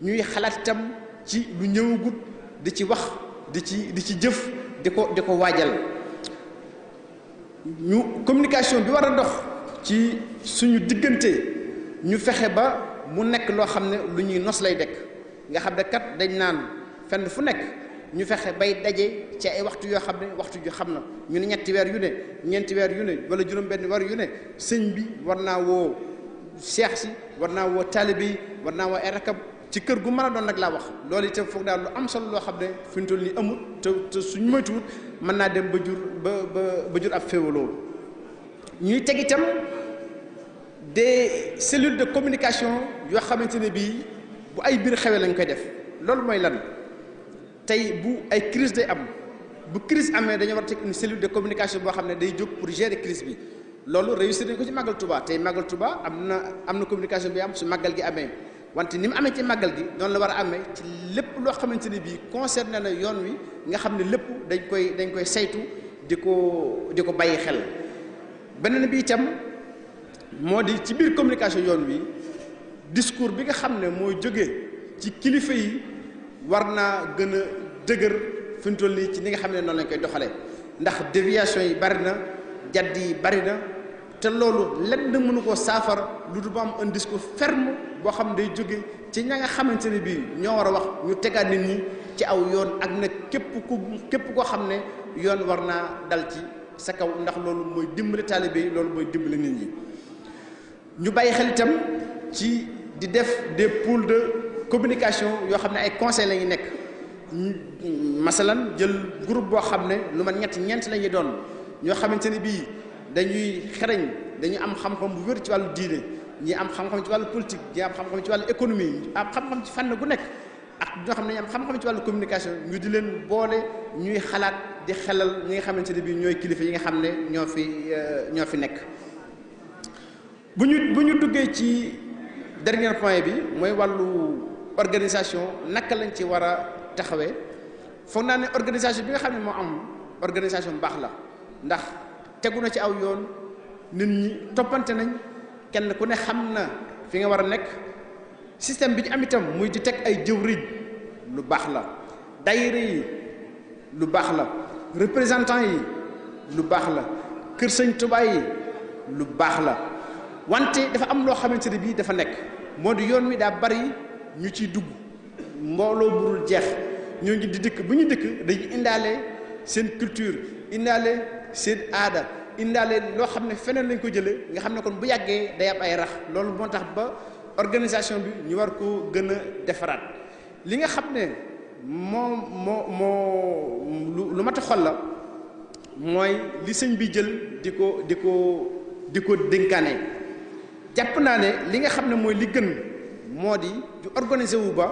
ñuy xalaat itam ci lu ñëwagut di ci wax. di ci di ci jëf di ko di ko waajal ñu communication bi war a dox ci suñu diggante ñu fexe ba mu nekk loo xam ne lu ñuy nos lay dekk nga xam ne kat dañ naan fenn fu nekk ñu fexe bay daje ci ay waxtu yoo xam ne waxtu ju xam na ñu ne ñetti weer yu ne ñeenti weer yu ne wala juróom-benn weer yu ne sëñ bi war naa woo seex si war naa woo taalibe yi war naa woo ay rakab ci kër gu man a doon nag laa wax loolu itam foog daal lu am solo loo xam ne fi mu toll amul te te suñ moytuwul mën naa dem ba jur ba ba ba jur ab féewaloo ñuy teg itam des cellules de communication yoo xamante ne bii bu ay biir xewee lañ koy def loolu mooy lan tey bu ay crise day am bu crise amee dañoo war a teg cellule de communication boo xam ne day jóg pour gérer crise bi loolu réussir nañ ko ci màggal Touba tey màggal Touba am na am na communication bi am su màggal gi amee. wante ni mu amee ci màggal gi noonu la war a amee ci lépp loo xamante ni bii concerné na yoon wi nga xam ne lépp dañ koy dañ koy saytu di ko di ko bàyyi xel beneen bi itam moo di ci biir communication yoon wi discours bi nga xam ne mooy jóge ci kilifa yi war naa gën a dëgër fi mu toll ci ni nga xam ne noonu lañ koy doxalee ndax déviation yi bari na jadd yi bari na te loolu na mënu koo saafara lu du ba am un discours ferme boo xam ne day jóge ci ña nga xamante ni bii ñoo war a wax ñu tegaat nit ñi ci aw yoon ak nag képp ku képp koo xam ne yoon war naa dal ci sa kaw ndax loolu mooy dimbali taalibe yi loolu mooy dimbali nit ñi. ñu bàyyi xel itam ci di def des pôles de communication yoo xam ne ay conseils la ñu nekk masalan jël groupe boo xam ne lu ma ñett ñeent la ñuy doon ñoo xamante ne bii. dañuy xereñ dañuy am xam-xam bu wér ci wàllu diine ñi am xam-xam ci wàllu politique ñi am xam-xam ci wàllu économie am xam-xam ci fànn gu nekk ak ñoo xam ne am xam-xam ci wàllu communication ñu di leen boole ñuy xalaat di xelal ñi nga xamante ne bii ñooy kilifa yi nga xam ne ñoo fi euh, ñoo fi nekk. bu ñu bu ñu duggee ci dernier point bi mooy wàllu organisation naka lañ ci war a taxawee foog naa ne organisation bi nga xam ne moo am organisation bu baax la ndax. tegu na ci aw yoon nit ñi toppante nañ kenn ku ne xam na fi nga war a nekk système bi ñu am itam muy di teg ay jëwriñ lu baax la daayira yi lu baax la représentant yi lu baax la kër sëñ Tuubaa yi lu baax la wante dafa am loo xamante ne bii dafa nekk moo di yoon wi daa bari ñu ciy dugg mbooloo burul jeex ñoo ngi di dëkk bu ñu dëkk dañuy indaale seen culture indaale seen aada indaale loo xam ne feneen lañ ko jëlee nga xam ne kon bu yàggee day am ay rax loolu moo tax ba organisation bi ñu war ko gën a defaraat li nga xam ne moo moo moo lu mat a xol la mooy li sëñ bi jël di ko di ko di ko dénkaane jàpp naa ne li nga xam ne mooy li gën moo di di organiser ba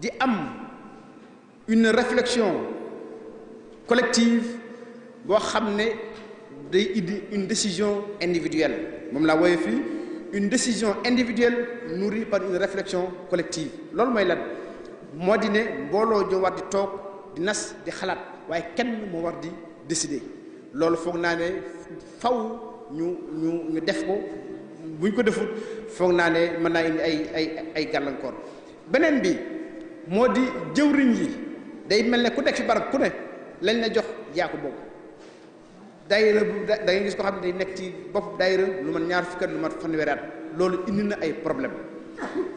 di am une reflexion collective boo xam ne day indi une décision individuelle moom laa wooye fii une décision individuelle nourrie par une réflexion collective loolu mooy lan moo di ne mbooloo ñoo war di toog di nas di xalaat waaye kenn moo war di décider loolu foog naa ne faw ñu ñu def ko buñ ko defut foog naa ne mën naa ay ay ay gàllankoor beneen bi moo di jëwriñ yi day mel ne ku nekk fi barab ku ne lañ la jox yaa ko boobu daayira bu da ngay gis ko xam ne day nekk ci bopp daayira lu man ñaar fukki at lu mat fanweeri loolu indi na ay problème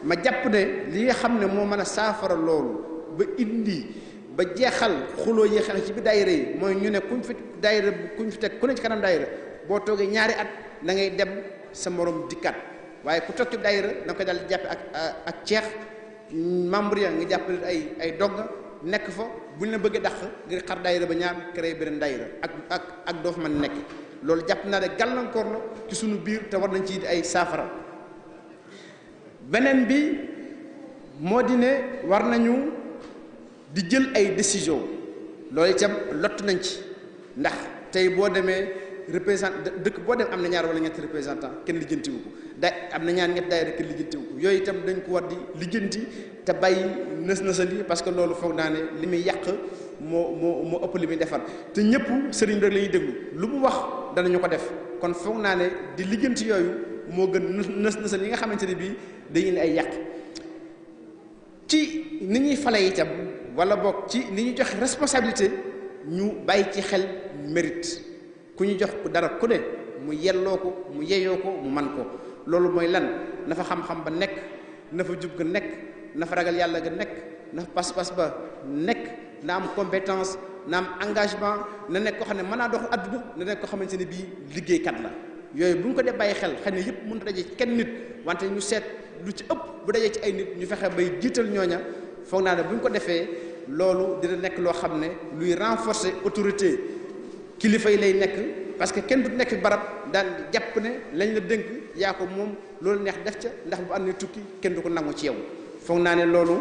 ma jàpp ne li nga xam ne moo mën a saafara loolu ba indi ba jeexal xuloo yi xeex ci bi daayira yi mooy ñu ne kuñ fi daayira teg ku ne ci kanam daayira boo toogee ñaari at da ngay dem sa morom dikkat waaye ku toog ci dayre na nga koy daal di jàppe ak ak ceex membre ya nga jàppale ay ay dogga nekk fa buñ ne bëggee dàq ngir xar daayira ba ñaar créé beneen daayira ak ak ak doo fa mën nekk loolu jàpp naa ne gàllankoor la ci suñu biir te war nañ ci ay saafara beneen bi moo di ne war nañu di jël ay décision loolu itam lottu nañ ci ndax tey boo demee représentant dëkk boo dem am na ñaar wala ñetti représentant kenn lijjantiwu ko day am na ñaan ñett daay rek lijjanti ko yooyu itam dañ ko war di lijjanti te bàyyi nës nësali parce que loolu foog naa ne li muy yàq moo moo moo ëpp li muy defar te ñëpp sëriñ bi rek la ñuy déglu lu mu wax danañu ko def kon foog naa ne di lijjanti yooyu moo gën nës nësal yi nga xamante ne bii day indi ay yàq ci ni ñuy fale tam wala bokk ci ni ñuy jox responsabilité ñu bàyyi ci xel mérite ku ñu jox dara ku ne mu yelloo ko mu yeyoo ko mu man ko loolu mooy lan na fa xam-xam ba nekk na fa jub ga nekk na fa ragal yàlla ga nekk na fa pas-pas ba nekk na am compétence na am engagement na nekk koo xam ne mën naa dox àdduna na nekk koo xamante ne bii liggéeykat la yooyu bu ñu ko dee bàyyi xel xëy na yëpp mën a daje kenn nit wante ñu seet lu ci ëpp bu dajee ci ay nit ñu fexe bay jiital ñooña foog naa ne bu ñu ko defee loolu dina nekk loo xam ne luy renforcer autorité kilifa yi lay nekk parce que kenn du nekk barab daal jàpp ne lañ la dënk yaa ko moom loolu neex def ca ndax bu am ne tukki kenn du ko nangu ci yow foog naa ne loolu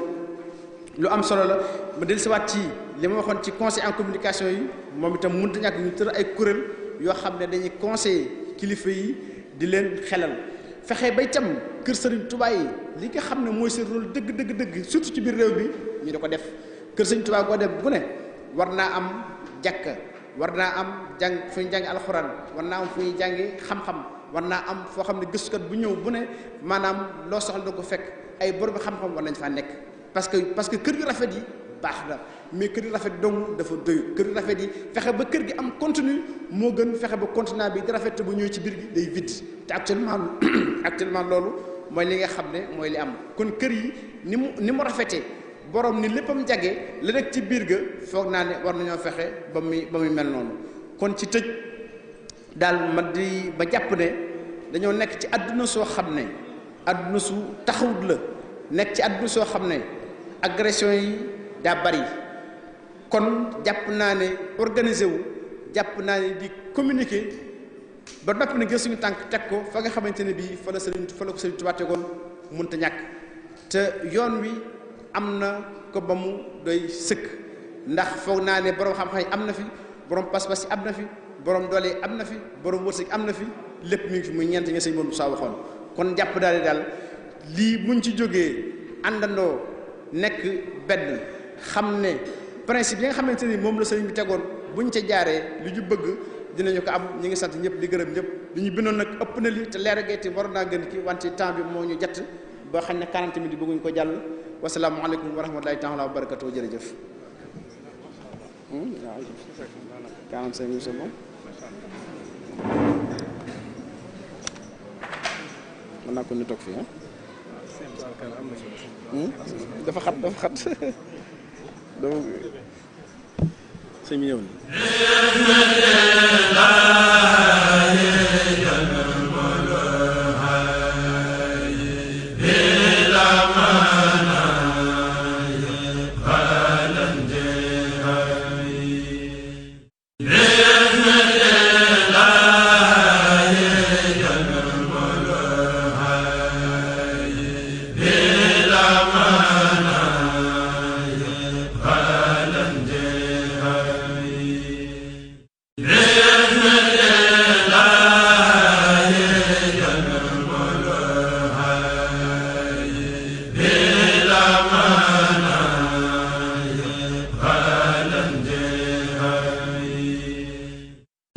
lu am solo la ma dellusiwaat ci li ma waxoon ci conseil en communication yi moom itam mun mënut a ñàkk ñu tër ay kuréel yoo xam ne dañuy conseiller kilifa yi di leen xelal fexe ba itam kër Serigne tubaay yi li nga xam ne mooy seen rôle dëgg dëgg dëgg surtout ci biir réew bi ñu da ko def kër Serigne Touba boo dem ne war naa am jàkka. war naa am jàng fu ñu jàng alxuraan war naa am fu ñuy jàngi xam-xam war naa am foo xam ne gëstukat bu ñëw bu ne maanaam loo soxla da ko fekk ay borom xam-xam war nañ faa nekk parce que parce que kër gi rafet yi baax na mais kër yu rafet dong dafa doyu kër yu rafet yi fexe ba kër gi am contenu moo gën fexe ba continent bi di rafet te bu ñëwee ci biir gi day vide te actuellement actuellement loolu mooy li nga xam ne mooy li am kon kër yi ni mu ni mu rafetee borom ni léppam jage li nekk ci biir ga foog naa ne war nañoo fexe ba muy ba muy mel noonu kon ci tëj daal ma di ma jàpp ne dañoo nekk ci àdduna soo xam ne àdduna su taxawut la nekk ci àdduna soo xam ne agression yi daa bari kon jàpp naa ne organiser wu jàpp naa ne di communiquer ba noppi na gën tànk teg ko fa nga xamante ne bii fa la sëriñ fa la ko sëriñ Tuubaa tegoon mënta ñàkk te yoon wi am na ko ba mu doy sëkk ndax foog naa ne borom xam-xam yi am na fi borom pas-pas yi am na fi borom doole am na fi borom wërsëg am na fi lépp mi ngi fi muy ñeent nga sëñ Moussa waxoon kon jàpp daal di daal buñ ci jógee àndandoo nekk benn xam ne principe yi nga xamante ni moom la sëriñ bi tegoon buñ ca jaaree lu ñu bëgg dinañu ko am ñu ngi sant ñëpp di gërëm ñëpp li ñu bindoon nag ëpp na li te leer a geeti war naa gën ki wante temps bi moo ñu jett boo xam ne 40 minutes bëgguñ ko jàll. wasalaamualeykum wa rahmatulahi taala wa barakatu jërëjëf hmm? quarante-cinq minutes c'est bon mën naa ni toog fii ah dafa xat dafa xat donc sëñ bi ñëw na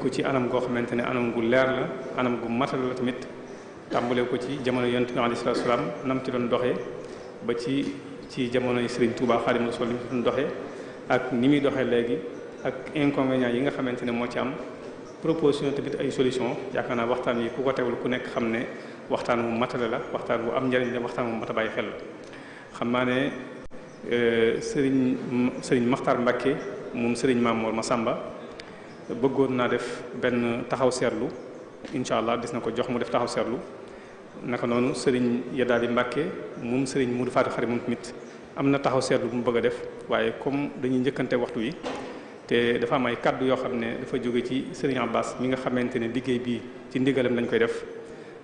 ko ci anam goo xamante ne anam gu leer la anam gu matal la tamit tàmbale ko ci jamono yonent bi alayhi salaatu salaam nam ci doon doxe ba ci ci jamonoy Serigne Touba Xaadimu Rasuul ni ak ni muy doxee léegi ak inconvénients yi nga xamante ne moo ci am proposition tamit ay solution yaakaar naa waxtaan yi ku ku nekk xam ne waxtaan wu matale la waxtaan wu am njëriñ la wu mat a bàyyi xel xam naa ne euh, Serigne Serigne Makhtar moom Serigne Mamour Massamba bëggoon naa def benn taxaw seerlu incha allah dis na ko jox mu def taxaw seetlu naka noonu Serigne Yadaali Mbacke moom Serigne Modou Fatou Khari moom tamit am na taxaw seetlu bu mu bëgg a def waaye comme dañuy njëkkante waxtu yi te dafa am ay kaddu yoo xam ne dafa jóge ci Serigne Abbas mi nga xamante ne liggéey bi ci ndigalam lañ koy def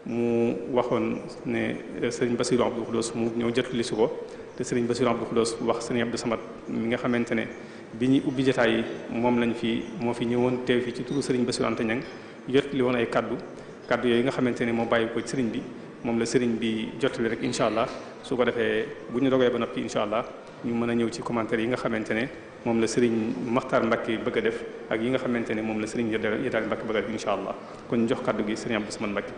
mu waxoon ne euh, Serigne Bassirou Abdou Khoudoss mu ñëw jotali si ko te Serigne Bassirou Abdou Khoudoss wax Serigne Abdou Samad mi nga xamante ne. bi ñu ubbi jotaay yi moom lañ fi moo fi ñëwoon teew fi ci turu sëriñ Bassirou Anta Niang jot li woon ay kàddu kaddu yooyu nga xamante ne moo bàyyi ko sëriñ bi moom la sëriñ bi jotali rek incha allah su ko defee bu ñu dogee ba noppi incha ñu mën a ñëw ci commentaire yi nga xamante ne moom la sëriñ Maxtaar Mbacke bëgg a def ak yi nga xamante ne moom la sëriñ Yadaal Mbacke bëgg a def incha allah kon jox kaddu gi sëriñ Abdou Samane Mbacke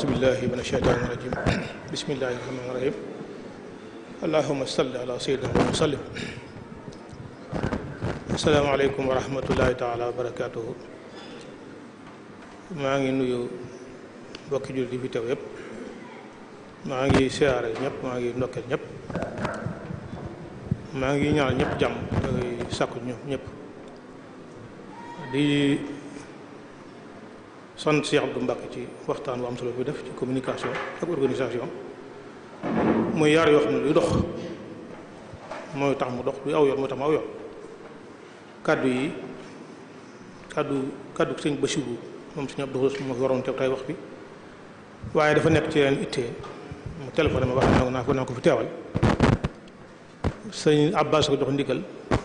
أعوذ بالله من الشيطان الرجيم بسم الله الرحمن الرحيم اللهم صل على سيدنا وسلم asalaamaaleykum wa rahmatullahi wa barakaatuhu maa ngi nuyu mbokki jullit yi fi teew yëpp maa ngi siyaare ñëpp maa ngi ndokkeel ñëpp maa ngi ñaanal ñëpp jàmm maa ngi sàkku ñëpp di sant Cheikh Abdou Mbacke ci waxtaan wu am solo bi def ci communication ak organisation muy yaar yoo xam ne luy dox mooy tax mu dox luy aw yoon tax mu aw kàddu yi kàddu kàddu sëñ Bachirou moom sëñ Abdou Khoudoss moo fi waroon teew tay wax bi waaye dafa nekk ci yeneen ittee mu téléphone ma wax ne naa ko naa ko fi teewal sëñ Abbas ko jox ndigal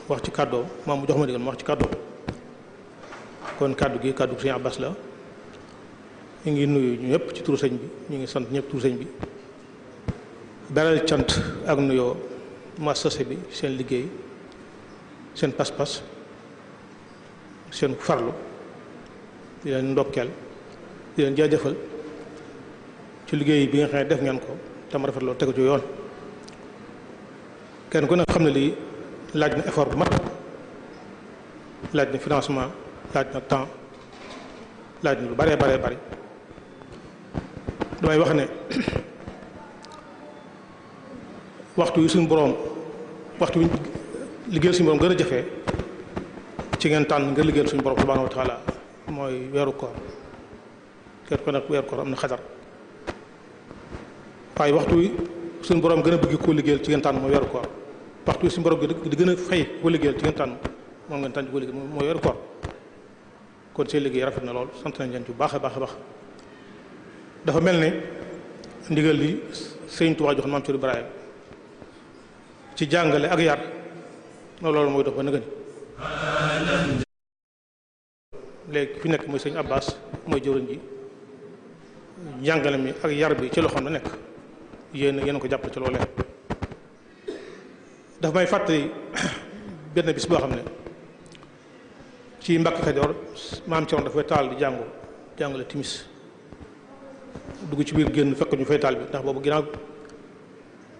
wax ci kàddoom moom mu jox ma ndigal ma wax ci kàddoom kon kàddu gi kàddu sëñ Abbas la ñu ngi nuyu ñëpp ci turu sëñ bi ñu ngi sant ñëpp turu bi dalal cant ak nuyoo massase bi seen liggéey seen pas-pas seen farlu di leen ndokkeel di leen jaajëfal ci liggéey bi nga xam ne def ngeen ko tam rafet loolu tegu ci yoon kenn ku ne xam ne lii laaj na effort bu ma laaj na financement laaj na temps laaj na lu bare bare bari damay wax ne waxtu wi suñu boroom waxtu wi liggéeyal suñu boroom gën a jafee ci ngeen tànn nga liggéeyal suñ boroom subhaanahu wa taala mooy weeru ko nag weeru koor am na xadar waaye waxtu wi suñu boroom gën a koo liggéeyal ci ngeen tànn mooy weeru koor waxtu wi suñu boroom di gën fay koo liggéeyal ci ngeen tànn moom ngeen tànn ci koo liggéeyal kon seen liggéey rafet na lool sant nañ leen yu baax a baax a baax dafa mel ni ndigal li sëñ Tuubaa jox maam Cerno Ibrahima ci jàngale ak yar loolu mooy dox ba nëgëni léegi fi nekk mooy sëñ Abbas mooy jëwriñ ji jàngale mi ak yar bi ci loxoom la nekk yéen yéen ko jàppale ci loolee dafa may fàttali benn bis boo xam ne ci Mbàkke Kajoor maam Cerno dafay taal di jàngu jàngale timis dugg ci biir génn fekk ñu fay taal bi ndax boobu ginnaaw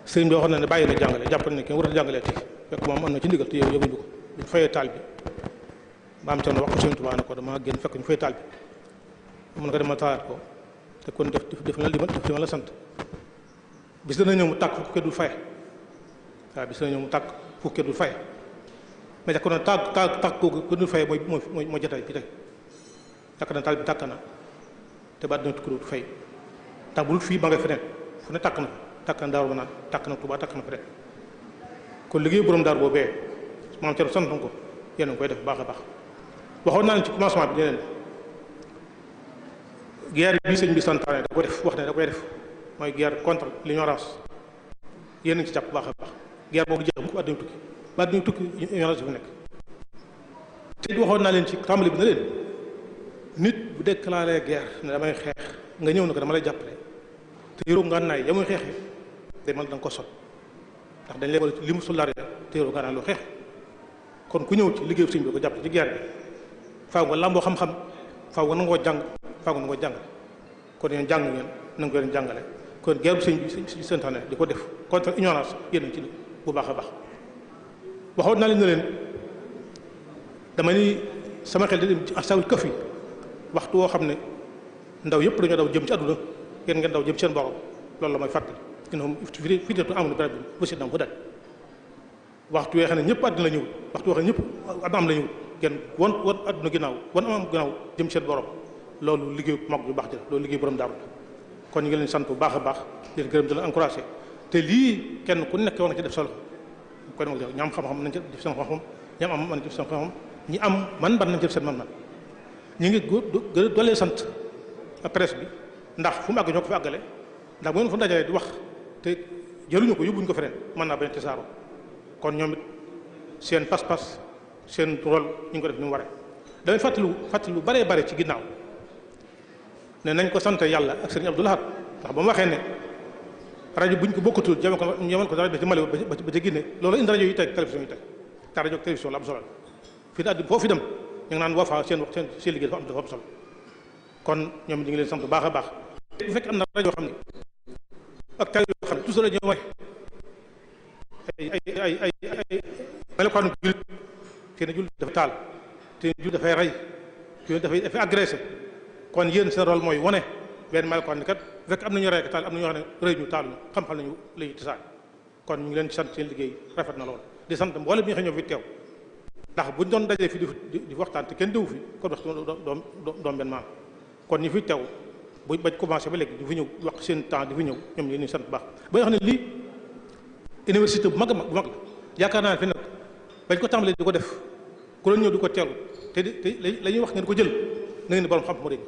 sëriñ bi waxoon ne ne bàyyi na jàngale jàpp na ne kenn warut a jàngalee tey fekk am na ci ndigal te yow yëguñu ko bu ñu fayee taal bi maam Thierno ko sëriñ Tuubaa ne fay taal bi mun nga dem a te kon def def na li def li ma la sant bis dana ñëw mu tàkk fukki dul fay waaw ñëw mu tàkk fukki du fay mais na tàkk tàkk tàkk googu ku dul fay mooy mooy mooy jotaay bi tey jàkk na taal bi tàkk na te baat dina tukki du fay. ndax bu dul fii ba nga fi nekk fu ne takk na takk na daaru naan takk na Tuubaa takk na fi nekk kon liggéey borom daar boobee maam Cerno sant na ko yéen a ngi koy def baax a baax waxoon naa ci commencement bi ne bi sëñ bi santaane da koy def wax da koy def mooy guerre contre l'ignorance yéen a ci jàpp baax a baax guerre boobu jeex ba àdduna tukki ignorance bi waxoon naa leen ci tàmbali bi na leen nit bu dekk déclaré guerre ne damay xeex nga ñëw na ko dama lay jàppale te yoroo ngànnaay ya muy xeex day mel da nga ko sol ndax dañ lebal li mu sulaar ya te yoroo kon ku ñëw ci liggéeyu sëñ bi jàpp ci guerre bi faaw nga làmboo xam-xam faaw nga nangoo nga nangoo jàng kon yéen jàng ngeen jàngale kon guerre bu sëñ bi sëñ di ko def contre ignorance yéen ci bu baax a baax waxoon naa leen dama sama xel di dem ci asawul këf yi waxtu woo xam ne ndaw yëpp dañoo daw jëm ci àdduna yéen ngeen daw jëm seen borom loolu la mooy fàttali innahum fitnatun aamanu bi rabbihim wa zidnahum hudan waxtu yoo xam ne ñëpp àdduna la ñëw waxtu yoo xam ne ñëpp am la ñëw ngeen wan wan àdduna ginnaaw wan am ginnaaw jëm seen borom loolu liggéey mag bu baax ji la loolu liggéey borom daaru kon ñu leen sant bu baax a baax di leen gërëm di te lii kenn ku nekk war na ci def solo kon nag ñi am xam-xam nañ ci def seen xam-xam ñi am am mën ci xam-xam ñi am man ban nañ ci seen man-man ñu ngi gë gën a doole sant presse bi ndax fu mu àgg ñoo ko fa àggale ndax bu fu fa dajalee di wax te jëluñu ko yóbbuñu ko feneen man naa bañ tisaaro kon ñoom it seen pas-pas seen rôle ñu ngi ko def ni mu waree damay fàttali fàttali lu baree bare ci ginnaaw ne nañ ko sant yàlla ak sëriñ Abdou Lahad ndax ba waxee ne rajo buñ ko bokkatul jamal ko jamal ko dara ba ci Mali ba ci Guinée loolu indi rajo yu teg télévision te rajo fi dem ñu naan Wafa seen seen seen liggéey dafa am dafa am solo kon ñoom ñu ngi leen sant bu baax a baax bu fekk am na rajo yoo xam ne ak télé yoo xam ne ay ay ay ay ay melokaanu te ne jullit dafa taal te ne jullit dafay rey kon yéen seen rôle mooy wane benn melokaan ni kat bu fekk am na ñu rey ko taal am na ñoo xam ne rëy ñu taal ñu xam-xam nañu li ñu tasaay kon ñu ngi leen ci sant seen liggéey rafet na lool di sant mboolem bi nga xam ñoo fi teew ndax buñ doon dajee fi di di waxtaan te kenn déwu fi kon wax doom doom benn maam kon ñu fi teew bu bañ commencé ba léegi di fi ñëw wax seen temps di fi ñëw ñoom ñu ngi sant bu baax ba nga xam ne lii université bu mag a mag bu mag la yaakaar naa ne fi nag bañ ko tàmbalee di ko def ku doon ñëw ko teelu te te la ñuy wax ngeen ko jël na ngeen di borom xam-xamu rek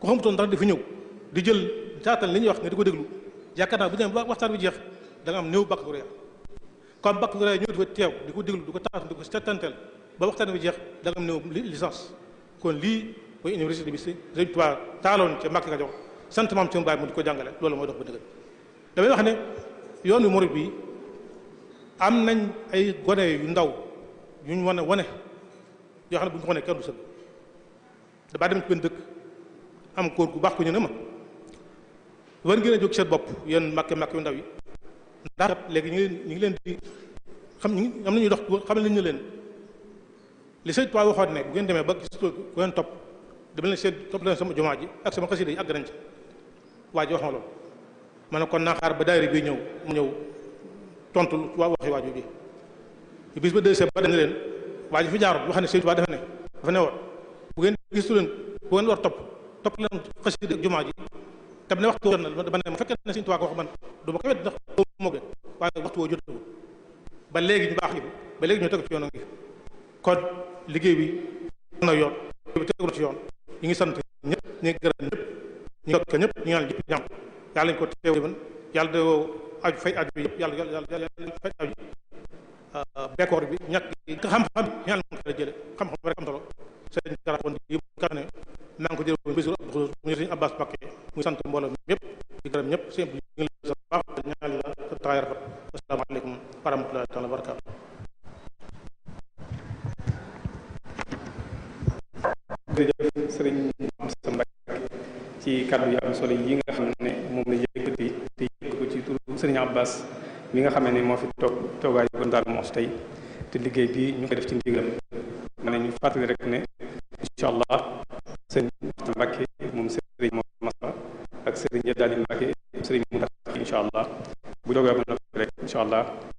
ku xamutoon dara di fi ñëw di jël taatal li ñuy wax nga di ko déglu yaakaar naa bu ñu waxtaan bi jeex da nga am néew baccalauréat ku am baccalauréat ñëw di ko teew di ko déglu di ko taatu di ko settanteel ba waxtaan wi jeex da nga am néew licence kon lii muy université bi si Sëriñ Tuubaa taaloon ca Mbàkke Kajoor sant maam ci mbaay mu di ko jàngale loolu mooy dox ba dëgg damay wax ne yoonu murid bi am nañ ay gone yu ndaw yuñ ñu wane wane yoo xam ne bu ñu ko wane dem ci dëkk am kóor gu baax ko ñu ne ma war ngeen seen bopp yéen màkke màkke yu ndaw yi ndax léegi ñu ñu ngi leen di xam ñu am nañuy dox xam nañu leen li Sëriñ waxoon ne bu ngeen demee ba gis ko ngeen topp dama leen seet topp leen sama jumaa ji ak sama xasida yi àgg nañ ci waa ji wax ma loolu ma ne kon naa xaar ba daayira bi ñëw mu ñëw tontu waa waxi waaju bi bis ba dese ba dañ leen waa ji fi jaarut wax ne Sëriñ Tuubaa dafa ne dafa ne woon bu ngeen gistu leen bu ngeen war topp topp leen xasida ak jumaa ji tam ne waxtu na dama ne ma fekkee ne Sëriñ Tuubaa ko wax man ko wet ndax moog leen waaye waxtu woo ba léegi ñu baax gi ba léegi ñu teg ci yoon ngi kon liggéey bi na yoon bi tegu ci yoon ñu ngi sant ñëpp ñu ngi gërëm ñëpp ñu ngi dokk ñëpp ko teew man yàlla de aju fay aju bi yëpp yàlla yàlla fay aju ah, bekkoor bi ñàkk xam-xam ñaan ko jële xam-xam rek mos tey te liggéey bi ñu koy def ci ndigalam ma ne ñu fàttali rek ne incha allah sëriñ Mbacke moom sëriñ Massa ak sëriñ Jadaali Mbacke sëriñ Moussa incha allah bu doog a mën a rek incha allah